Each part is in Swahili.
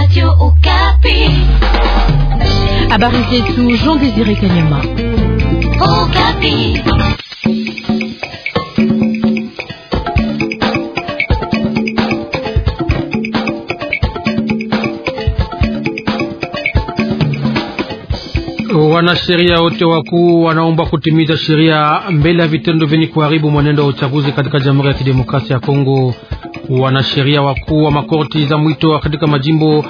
Radio Okapi. Habari zetu Jean Désiré Kanyama. Okapi. Wanasheria wote wakuu wanaomba kutimiza sheria mbele ya vitendo vyenye kuharibu mwenendo wa uchaguzi katika Jamhuri ya Kidemokrasia ya Kongo. Wanasheria wakuu wa makorti za mwito katika majimbo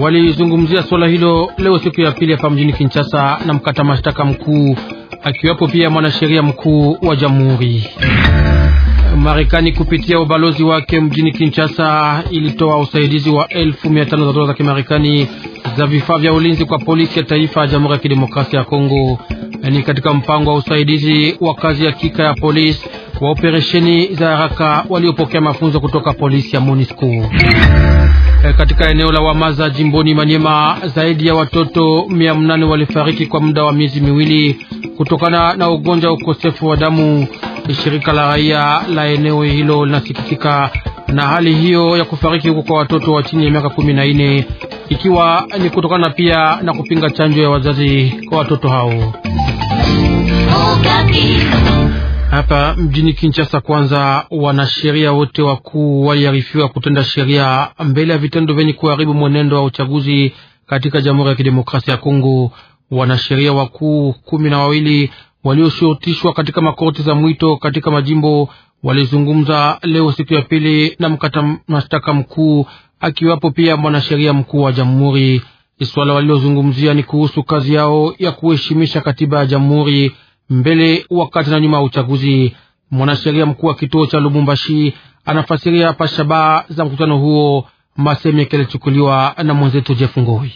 walizungumzia swala hilo leo siku ya pili hapa mjini Kinshasa na mkata mashtaka mkuu akiwapo pia mwanasheria mkuu wa jamhuri. Marekani kupitia ubalozi wake mjini Kinshasa ilitoa usaidizi wa elfu mia tano za dola za Kimarekani za vifaa vya ulinzi kwa polisi ya taifa ya Jamhuri ya Kidemokrasia ya Kongo. Ni katika mpango wa usaidizi wa kazi ya kika ya polisi wa operesheni za haraka waliopokea mafunzo kutoka polisi ya MONUSCO. E, katika eneo la Wamaza jimboni Manyema zaidi ya watoto mia mnane walifariki kwa muda wa miezi miwili kutokana na ugonjwa wa ukosefu wa damu. Shirika la raia la eneo hilo linasikitika na hali hiyo ya kufariki huko kwa watoto wa chini ya miaka kumi na nne ikiwa ni kutokana pia na kupinga chanjo ya wazazi kwa watoto hao. Oh, hapa mjini Kinshasa. Kwanza, wanasheria wote wakuu waliarifiwa kutenda sheria mbele ya vitendo vyenye kuharibu mwenendo wa uchaguzi katika Jamhuri ya Kidemokrasia ya Kongo. Wanasheria wakuu kumi na wawili walioshurutishwa katika makorti za mwito katika majimbo walizungumza leo siku ya pili na mkata mashtaka mkuu akiwapo pia mwanasheria mkuu wa jamhuri. Swala walilozungumzia ni kuhusu kazi yao ya kuheshimisha katiba ya jamhuri mbele, wakati na nyuma ya uchaguzi. Mwanasheria mkuu wa kituo cha Lubumbashi anafasiria hapa shabaha za mkutano huo, masemeke yalichukuliwa na mwenzetu Jeff Ngoi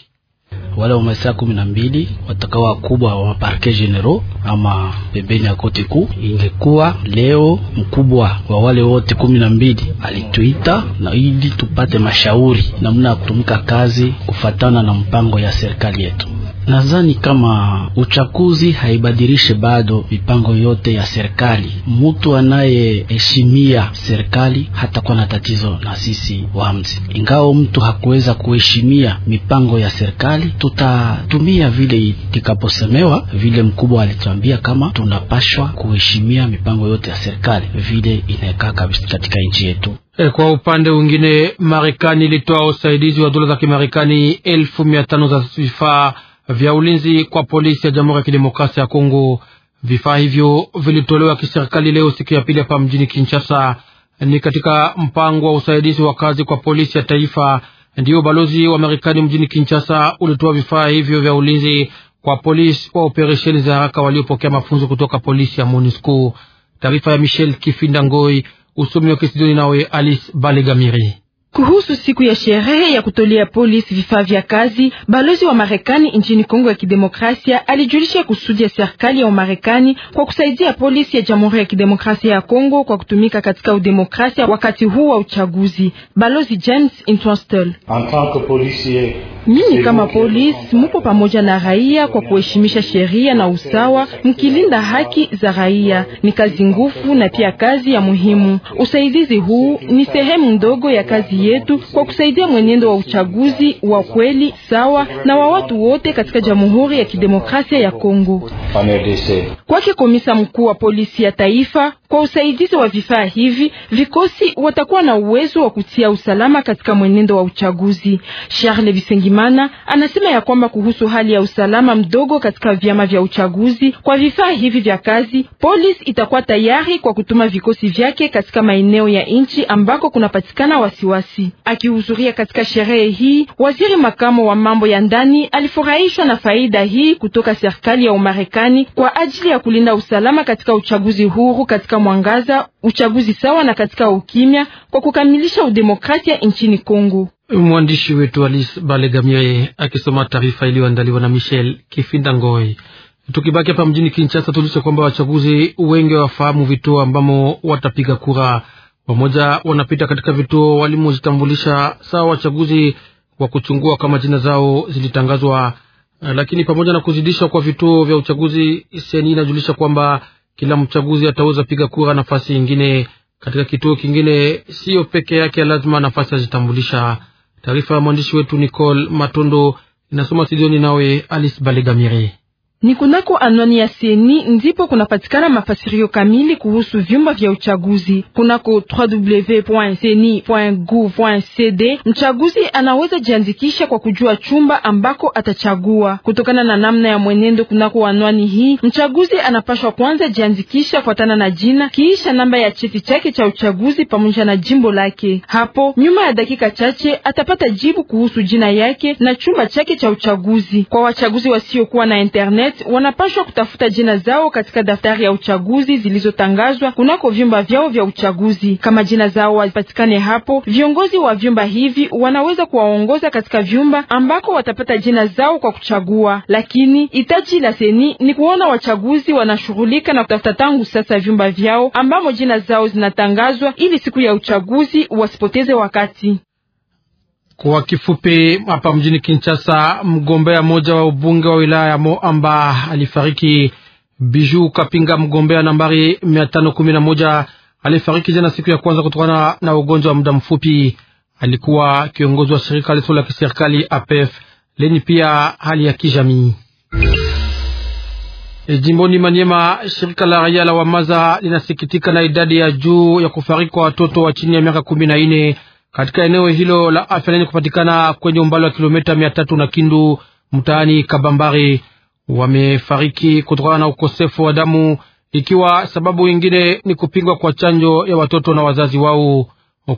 wale wa masaa kumi na mbili watakawa wakubwa wa maparke genero ama pembeni ya koti kuu. Ingekuwa leo mkubwa wa wale wote kumi na mbili alituita na ili tupate mashauri namna ya kutumika kazi kufatana na mpango ya serikali yetu. Nadhani kama uchaguzi haibadilishe bado mipango yote ya serikali. Mtu anayeheshimia serikali hatakuwa na tatizo na sisi wamzi Ingawa mtu hakuweza kuheshimia mipango ya serikali, tutatumia vile itikaposemewa, vile mkubwa alituambia kama tunapashwa kuheshimia mipango yote ya serikali vile inaekaa kabisa katika nchi yetu. E, kwa upande mwingine Marekani ilitoa usaidizi wa dola za Kimarekani elfu mia tano za vifaa vya ulinzi kwa polisi ya Jamhuri ya Kidemokrasia ya Kongo. Vifaa hivyo vilitolewa kiserikali leo siku ya pili hapa mjini Kinshasa. Ni katika mpango wa usaidizi wa kazi kwa polisi ya taifa, ndiyo balozi wa Marekani mjini Kinshasa ulitoa vifaa hivyo vya ulinzi kwa polisi wa operesheni za haraka waliopokea mafunzo kutoka polisi ya MONUSCO. Taarifa ya Michel Kifinda Ngoi, usomi wa Kisidoni nawe Alice Balegamiri. Kuhusu siku ya sherehe ya kutolea polisi vifaa vya kazi, balozi wa Marekani nchini Kongo ya Kidemokrasia alijulisha kusudi ya serikali ya Marekani kwa kusaidia polisi ya Jamhuri ya Kidemokrasia ya Kongo kwa kutumika katika udemokrasia wakati huu wa uchaguzi. Balozi James Intwastel: En tant que policier Nyinyi kama polisi mupo pamoja na raia kwa kuheshimisha sheria na usawa, mkilinda haki za raia. Ni kazi ngufu na pia kazi ya muhimu. Usaidizi huu ni sehemu ndogo ya kazi yetu kwa kusaidia mwenendo wa uchaguzi wa kweli, sawa na wa watu wote katika Jamhuri ya Kidemokrasia ya Kongo. Kwake komisa mkuu wa polisi ya taifa kwa usaidizi wa vifaa hivi, vikosi watakuwa na uwezo wa kutia usalama katika mwenendo wa uchaguzi. Charles Bisengimana anasema ya kwamba kuhusu hali ya usalama mdogo katika vyama vya uchaguzi, kwa vifaa hivi vya kazi, polisi itakuwa tayari kwa kutuma vikosi vyake katika maeneo ya nchi ambako kunapatikana wasiwasi. Akihudhuria katika sherehe hii, waziri makamo wa mambo ya ndani alifurahishwa na faida hii kutoka serikali ya Umarekani kwa ajili ya kulinda usalama katika uchaguzi huru katika katika mwangaza, uchaguzi sawa na katika ukimya kwa kukamilisha udemokrasia nchini Kongo. Mwandishi wetu Alice Balegamiaye akisoma taarifa iliyoandaliwa na Michel Kifinda Ngoi. Tukibaki hapa mjini Kinshasa, tulisha kwamba wachaguzi wengi wafahamu vituo ambamo watapiga kura. Wamoja wanapita katika vituo walimojitambulisha sawa wachaguzi wa kuchungua kama jina zao zilitangazwa, lakini pamoja na kuzidisha kwa vituo vya uchaguzi, seni inajulisha kwamba kila mchaguzi ataweza piga kura nafasi nyingine katika kituo kingine, siyo peke yake lazima nafasi ajitambulisha. Taarifa ya mwandishi wetu Nicole Matondo inasoma studioni, nawe Alice Balegamire. Ni kunako anwani ya seni ndipo kunapatikana mafasirio kamili kuhusu vyumba vya uchaguzi kunako www.seni.gov.cd. Mchaguzi anaweza jiandikisha kwa kujua chumba ambako atachagua kutokana na namna ya mwenendo. Kunako anwani hii mchaguzi anapashwa kwanza jiandikisha kufuatana na jina, kiisha namba ya cheti chake cha uchaguzi pamoja na jimbo lake. Hapo nyuma ya dakika chache atapata jibu kuhusu jina yake na chumba chake cha uchaguzi. Kwa wachaguzi wasiokuwa na internet internet wanapashwa kutafuta jina zao katika daftari ya uchaguzi zilizotangazwa kunako vyumba vyao vya uchaguzi. Kama jina zao wazipatikane hapo, viongozi wa vyumba hivi wanaweza kuwaongoza katika vyumba ambako watapata jina zao kwa kuchagua, lakini itaji la seni ni kuona wachaguzi wanashughulika na kutafuta tangu sasa vyumba vyao ambamo jina zao zinatangazwa ili siku ya uchaguzi wasipoteze wakati. Kwa kifupi, hapa mjini Kinshasa, mgombea mmoja wa ubunge wa wilaya ya Moamba alifariki. Biju Kapinga, mgombea nambari 511 alifariki jana siku ya kwanza kutokana na ugonjwa wa muda mfupi. Alikuwa kiongozi wa shirika lisilo la kiserikali APF lenye pia hali ya kijamii e. Jimboni Manyema, shirika la raia la Wamaza linasikitika na idadi ya juu ya kufariki kwa watoto wa chini ya miaka kumi na nne katika eneo hilo la afya lenye kupatikana kwenye umbali wa kilomita mia tatu na Kindu mtaani Kabambari wamefariki kutokana na ukosefu wa damu, ikiwa sababu nyingine ni kupingwa kwa chanjo ya watoto na wazazi wao.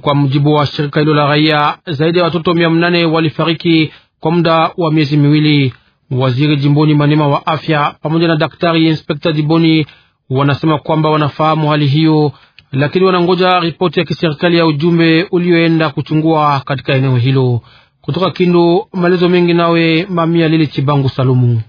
Kwa mujibu wa shirika hilo la raia, zaidi ya watoto mia mnane walifariki kwa muda wa miezi miwili. Waziri jimboni Manema wa afya pamoja na daktari inspekta jimboni wanasema kwamba wanafahamu hali hiyo lakini wanangoja ripoti ya kiserikali ya ujumbe ulioenda kuchungua katika eneo hilo. Kutoka Kindu, maelezo mengi nawe Mamia Lili Chibangu Salumu.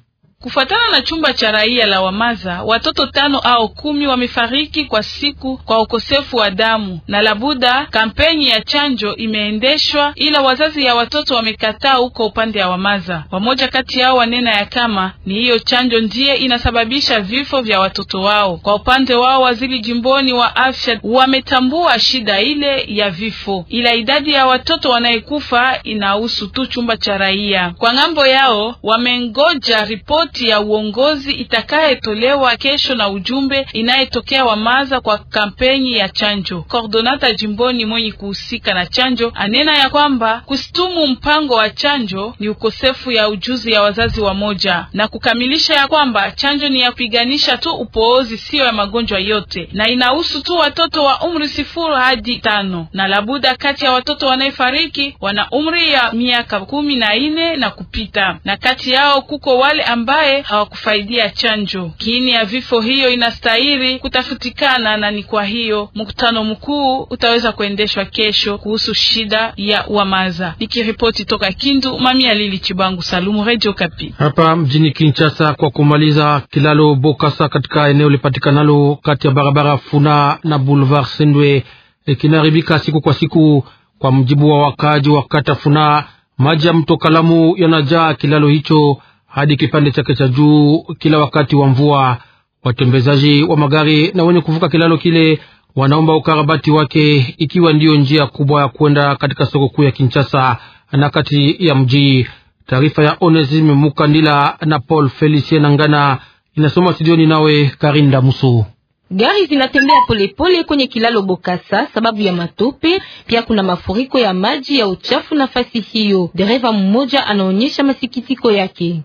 Kufuatana na chumba cha raia la Wamaza, watoto tano au kumi wamefariki kwa siku kwa ukosefu wa damu na labuda. Kampeni ya chanjo imeendeshwa, ila wazazi ya watoto wamekataa huko upande ya Wamaza. Wamoja kati yao wanena ya kama ni hiyo chanjo ndiye inasababisha vifo vya watoto wao. Kwa upande wao, waziri jimboni wa afya wametambua shida ile ya vifo, ila idadi ya watoto wanayekufa inahusu tu chumba cha raia. Kwa ngambo yao wamengoja ripoti ripoti ya uongozi itakayetolewa kesho na ujumbe inayetokea Wamaza kwa kampeni ya chanjo. Kordonata jimboni mwenye kuhusika na chanjo anena ya kwamba kustumu mpango wa chanjo ni ukosefu ya ujuzi ya wazazi wa moja, na kukamilisha ya kwamba chanjo ni ya kupiganisha tu upoozi, siyo ya magonjwa yote, na inahusu tu watoto wa umri sifuru hadi tano, na labuda kati ya watoto wanayefariki wana umri ya miaka kumi na ine na kupita, na kati yao kuko wale ambao ambaye hawakufaidia chanjo. Kiini ya vifo hiyo inastahili kutafutikana, na ni kwa hiyo mkutano mkuu utaweza kuendeshwa kesho kuhusu shida ya Wamaza. Nikiripoti toka Kindu, ya Lili Chibangu, Salumu, Radio Kapi. Hapa mjini Kinshasa, kwa kumaliza kilalo Bokasa katika eneo lipatikanalo kati ya barabara Funa na Boulevard Sendwe eh, kinaharibika siku kwa siku. Kwa mjibu wa wakaaji wa kata Funa, maji ya mto Kalamu yanajaa kilalo hicho hadi kipande chake cha juu kila wakati wa mvua. Watembezaji wa magari na wenye kuvuka kilalo kile wanaomba ukarabati wake, ikiwa ndiyo njia kubwa ya kwenda katika soko kuu ya Kinshasa na kati ya mji. Taarifa ya Onesime Mukandila na Paul Felicien Ngana inasoma studioni, nawe Karinda Musu. Gari zinatembea polepole kwenye kilalo Bokasa sababu ya matope. Pia kuna mafuriko ya maji ya uchafu nafasi hiyo. Dereva mmoja anaonyesha masikitiko yake.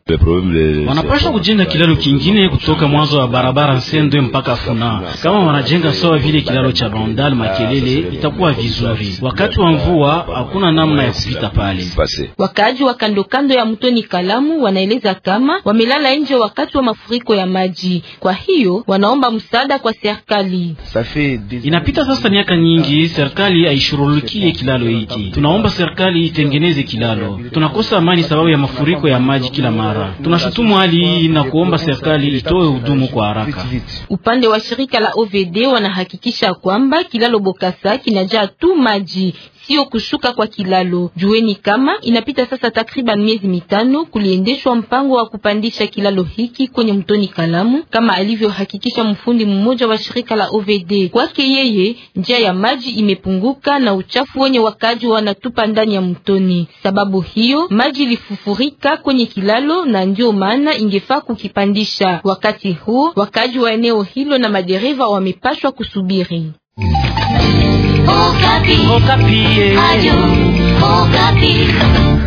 Wanapasha kujenga kilalo kingine kutoka mwanzo wa barabara Sendwe mpaka Funa. Kama wanajenga sawa vile kilalo cha Bandal Makelele, itakuwa vizuri. Wakati wa mvua hakuna namna ya kupita pale. Wakaaji wa kando kando ya mtoni Kalamu wanaeleza kama wamelala nje wakati wa mafuriko ya maji, kwa hiyo wanaomba msaada kwa serikali. Inapita sasa miaka nyingi, serikali haishurulikie kilalo hiki. Tunaomba serikali itengeneze kilalo, tunakosa amani sababu ya mafuriko ya maji kila mara. Tunashutumu hali hii na kuomba serikali itoe hudumu kwa haraka. Upande wa shirika la OVD wanahakikisha kwamba kilalo Bokasa kinajaa tu maji sio kushuka kwa kilalo. Jueni kama inapita sasa takriban miezi mitano kuliendeshwa mpango wa kupandisha kilalo hiki kwenye mtoni Kalamu, kama alivyohakikisha mfundi mmoja wa shirika la OVD. Kwake yeye, njia ya maji imepunguka na uchafu wenye wakaji wanatupa ndani ya mtoni. Sababu hiyo maji ilifufurika kwenye kilalo, na ndio maana ingefaa kukipandisha. Wakati huo wakaji wa eneo hilo na madereva wamepashwa kusubiri. Okapi. Okapi. Eh.